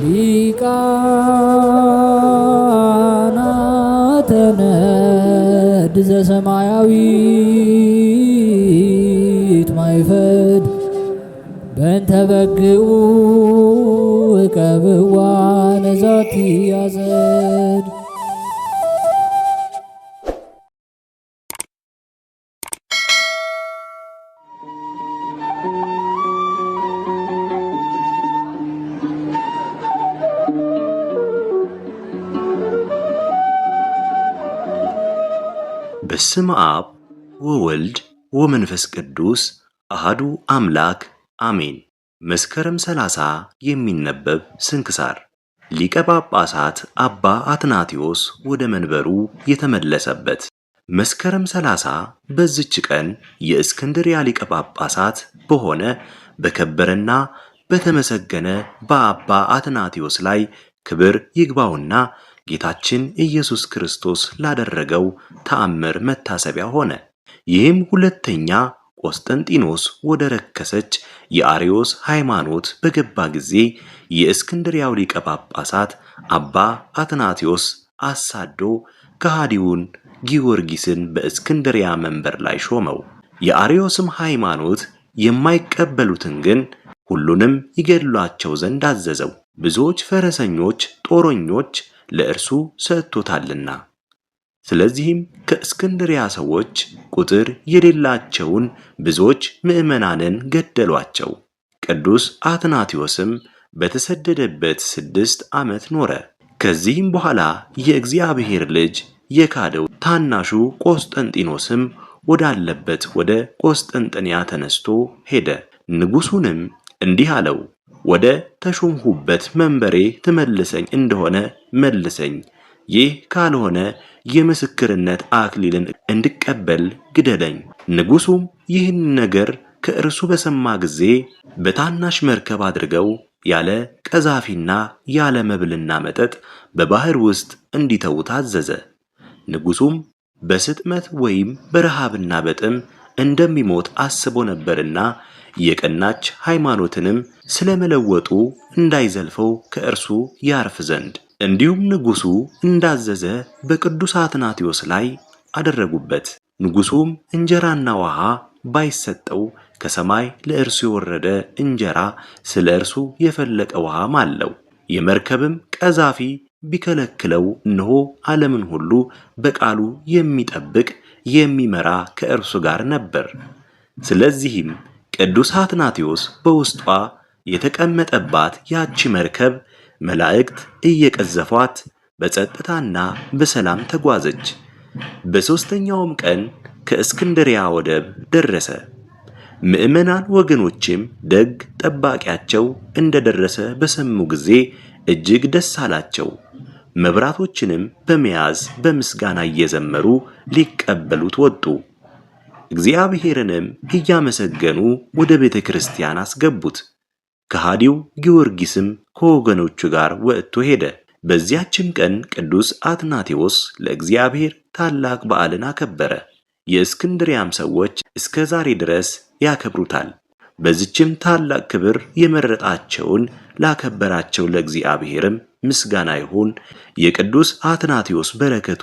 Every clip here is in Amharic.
ሊቃናተ ነድ ዘሰማያዊት ማይፈድ በእንተ በግኡ እቀብዋ ነዛቲ ያዘ በስም አብ ወወልድ ወመንፈስ ቅዱስ አሃዱ አምላክ አሜን። መስከረም 30 የሚነበብ ስንክሳር። ሊቀ ጳጳሳት አባ አትናቴዎስ ወደ መንበሩ የተመለሰበት መስከረም 30 በዚች ቀን የእስክንድሪያ ሊቀ ጳጳሳት በሆነ በከበረና በተመሰገነ በአባ አትናቴዎስ ላይ ክብር ይግባውና ጌታችን ኢየሱስ ክርስቶስ ላደረገው ተአምር መታሰቢያ ሆነ። ይህም ሁለተኛ ቆስጠንጢኖስ ወደ ረከሰች የአርዮስ ሃይማኖት በገባ ጊዜ የእስክንድሪያው ሊቀ ጳጳሳት አባ አትናቴዎስ አሳዶ ከሃዲውን ጊዮርጊስን በእስክንድሪያ መንበር ላይ ሾመው። የአርዮስም ሃይማኖት የማይቀበሉትን ግን ሁሉንም ይገድሏቸው ዘንድ አዘዘው። ብዙዎች ፈረሰኞች፣ ጦረኞች ለእርሱ ሰጥቶታልና። ስለዚህም ከእስክንድሪያ ሰዎች ቁጥር የሌላቸውን ብዙዎች ምዕመናንን ገደሏቸው። ቅዱስ አትናቴዎስም በተሰደደበት ስድስት ዓመት ኖረ። ከዚህም በኋላ የእግዚአብሔር ልጅ የካደው ታናሹ ቆስጠንጢኖስም ወዳለበት ወደ ቆስጠንጥንያ ተነስቶ ሄደ። ንጉሡንም እንዲህ አለው ወደ ተሾምሁበት መንበሬ ትመልሰኝ እንደሆነ መልሰኝ፣ ይህ ካልሆነ የምስክርነት አክሊልን እንድቀበል ግደለኝ። ንጉሡም ይህን ነገር ከእርሱ በሰማ ጊዜ በታናሽ መርከብ አድርገው ያለ ቀዛፊና ያለ መብልና መጠጥ በባህር ውስጥ እንዲተው ታዘዘ። ንጉሡም በስጥመት ወይም በረሃብና በጥም እንደሚሞት አስቦ ነበርና የቀናች ሃይማኖትንም ስለመለወጡ እንዳይዘልፈው ከእርሱ ያርፍ ዘንድ እንዲሁም ንጉሡ እንዳዘዘ በቅዱስ አትናቴዎስ ላይ አደረጉበት። ንጉሡም እንጀራና ውሃ ባይሰጠው ከሰማይ ለእርሱ የወረደ እንጀራ ስለ እርሱ የፈለቀ ውሃም አለው። የመርከብም ቀዛፊ ቢከለክለው እነሆ ዓለምን ሁሉ በቃሉ የሚጠብቅ የሚመራ ከእርሱ ጋር ነበር። ስለዚህም ቅዱስ አትናቴዎስ በውስጧ የተቀመጠባት ያቺ መርከብ መላእክት እየቀዘፏት በጸጥታና በሰላም ተጓዘች። በሦስተኛውም ቀን ከእስክንድሪያ ወደብ ደረሰ። ምዕመናን ወገኖችም ደግ ጠባቂያቸው እንደደረሰ በሰሙ ጊዜ እጅግ ደስ አላቸው። መብራቶችንም በመያዝ በምስጋና እየዘመሩ ሊቀበሉት ወጡ። እግዚአብሔርንም እያመሰገኑ ወደ ቤተ ክርስቲያን አስገቡት። ከሃዲው ጊዮርጊስም ከወገኖቹ ጋር ወጥቶ ሄደ። በዚያችም ቀን ቅዱስ አትናቴዎስ ለእግዚአብሔር ታላቅ በዓልን አከበረ። የእስክንድሪያም ሰዎች እስከ ዛሬ ድረስ ያከብሩታል። በዚችም ታላቅ ክብር የመረጣቸውን ላከበራቸው ለእግዚአብሔርም ምስጋና ይሁን። የቅዱስ አትናቴዎስ በረከቱ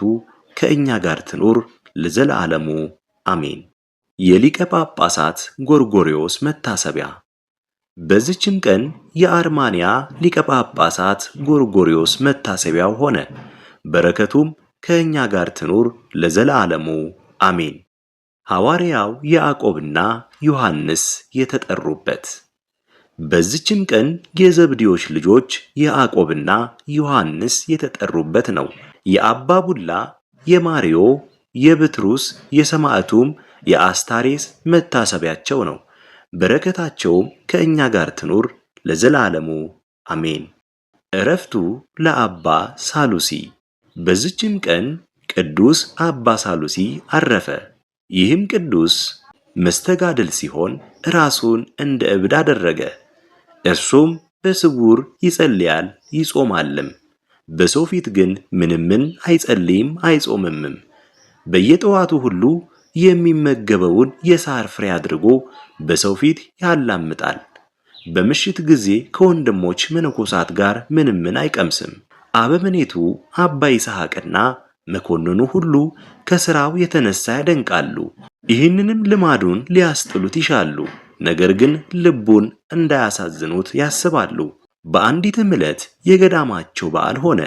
ከእኛ ጋር ትኑር ለዘላለሙ አሜን። የሊቀ ጳጳሳት ጎርጎሪዎስ መታሰቢያ በዚችም ቀን የአርማንያ ሊቀ ጳጳሳት ጎርጎሪዮስ መታሰቢያው ሆነ። በረከቱም ከእኛ ጋር ትኑር ለዘላለሙ አሜን። ሐዋርያው ያዕቆብና ዮሐንስ የተጠሩበት። በዚችም ቀን የዘብዴዎስ ልጆች ያዕቆብና ዮሐንስ የተጠሩበት ነው። የአባ ቡላ፣ የማርዮ፣ የብትሩስ፣ የሰማዕቱም የአስታሬስ መታሰቢያቸው ነው። በረከታቸውም ከእኛ ጋር ትኑር ለዘላለሙ አሜን። እረፍቱ ለአባ ሳሉሲ። በዚችም ቀን ቅዱስ አባ ሳሉሲ አረፈ። ይህም ቅዱስ መስተጋድል ሲሆን ራሱን እንደ እብድ አደረገ። እርሱም በስውር ይጸልያል ይጾማልም። በሰው ፊት ግን ምንምን አይጸልይም አይጾምምም። በየጠዋቱ ሁሉ የሚመገበውን የሳር ፍሬ አድርጎ በሰው ፊት ያላምጣል። በምሽት ጊዜ ከወንድሞች መነኮሳት ጋር ምን አይቀምስም። አበምኔቱ አባ ይስሐቅና መኮንኑ ሁሉ ከስራው የተነሳ ያደንቃሉ። ይህንንም ልማዱን ሊያስጥሉት ይሻሉ። ነገር ግን ልቡን እንዳያሳዝኑት ያስባሉ። በአንዲትም ዕለት የገዳማቸው በዓል ሆነ።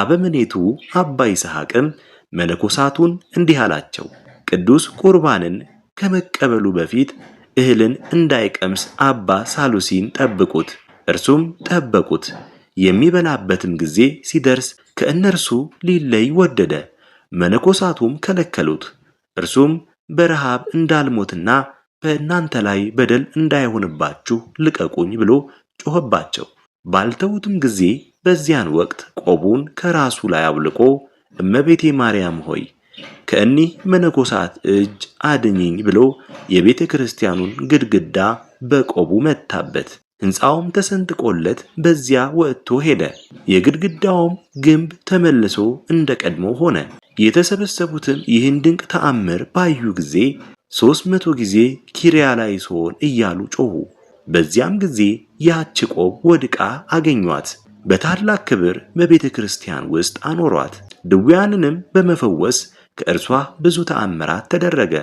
አበምኔቱ አባ ይስሐቅም መነኮሳቱን እንዲህ አላቸው። ቅዱስ ቁርባንን ከመቀበሉ በፊት እህልን እንዳይቀምስ አባ ሳሉሲን ጠብቁት። እርሱም ጠበቁት። የሚበላበትም ጊዜ ሲደርስ ከእነርሱ ሊለይ ወደደ። መነኮሳቱም ከለከሉት። እርሱም በረሃብ እንዳልሞትና በእናንተ ላይ በደል እንዳይሆንባችሁ ልቀቁኝ ብሎ ጮኸባቸው። ባልተዉትም ጊዜ በዚያን ወቅት ቆቡን ከራሱ ላይ አውልቆ እመቤቴ ማርያም ሆይ ከእኒህ መነኮሳት እጅ አድኝኝ ብሎ የቤተ ክርስቲያኑን ግድግዳ በቆቡ መታበት። ሕንፃውም ተሰንጥቆለት በዚያ ወጥቶ ሄደ። የግድግዳውም ግንብ ተመልሶ እንደ ቀድሞ ሆነ። የተሰበሰቡትም ይህን ድንቅ ተአምር ባዩ ጊዜ ሦስት መቶ ጊዜ ኪሪያ ላይ እያሉ ጮኹ። በዚያም ጊዜ ያች ቆብ ወድቃ አገኟት። በታላቅ ክብር በቤተ ክርስቲያን ውስጥ አኖሯት። ድውያንንም በመፈወስ ከእርሷ ብዙ ተአምራት ተደረገ።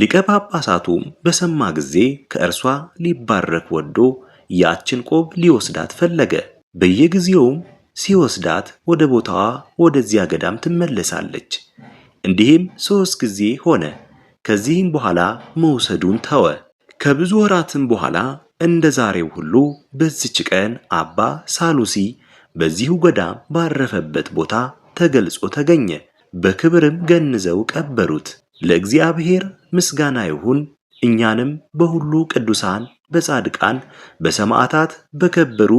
ሊቀ ጳጳሳቱም በሰማ ጊዜ ከእርሷ ሊባረክ ወዶ ያችን ቆብ ሊወስዳት ፈለገ። በየጊዜውም ሲወስዳት ወደ ቦታዋ ወደዚያ ገዳም ትመለሳለች። እንዲህም ሦስት ጊዜ ሆነ። ከዚህም በኋላ መውሰዱን ተወ። ከብዙ ወራትም በኋላ እንደ ዛሬው ሁሉ በዚች ቀን አባ ሳሉሲ በዚሁ ገዳም ባረፈበት ቦታ ተገልጾ ተገኘ። በክብርም ገንዘው ቀበሩት። ለእግዚአብሔር ምስጋና ይሁን። እኛንም በሁሉ ቅዱሳን በጻድቃን በሰማዕታት በከበሩ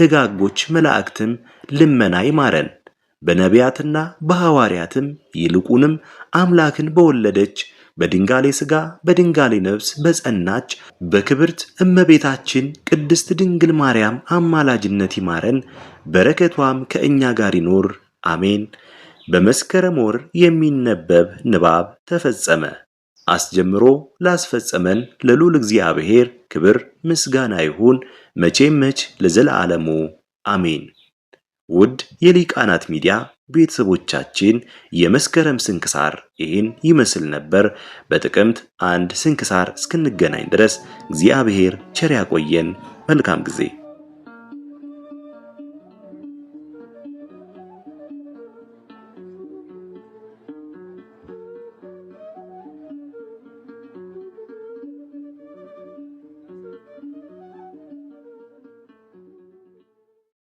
ደጋጎች መላእክትም ልመና ይማረን። በነቢያትና በሐዋርያትም ይልቁንም አምላክን በወለደች በድንጋሌ ሥጋ በድንጋሌ ነፍስ በጸናች በክብርት እመቤታችን ቅድስት ድንግል ማርያም አማላጅነት ይማረን። በረከቷም ከእኛ ጋር ይኖር፣ አሜን። በመስከረም ወር የሚነበብ ንባብ ተፈጸመ። አስጀምሮ ላስፈጸመን ለልዑል እግዚአብሔር ክብር ምስጋና ይሁን መቼም መች ለዘላለሙ አሜን። ውድ የሊቃናት ሚዲያ ቤተሰቦቻችን የመስከረም ስንክሳር ይህን ይመስል ነበር። በጥቅምት አንድ ስንክሳር እስክንገናኝ ድረስ እግዚአብሔር ቸር ያቆየን። መልካም ጊዜ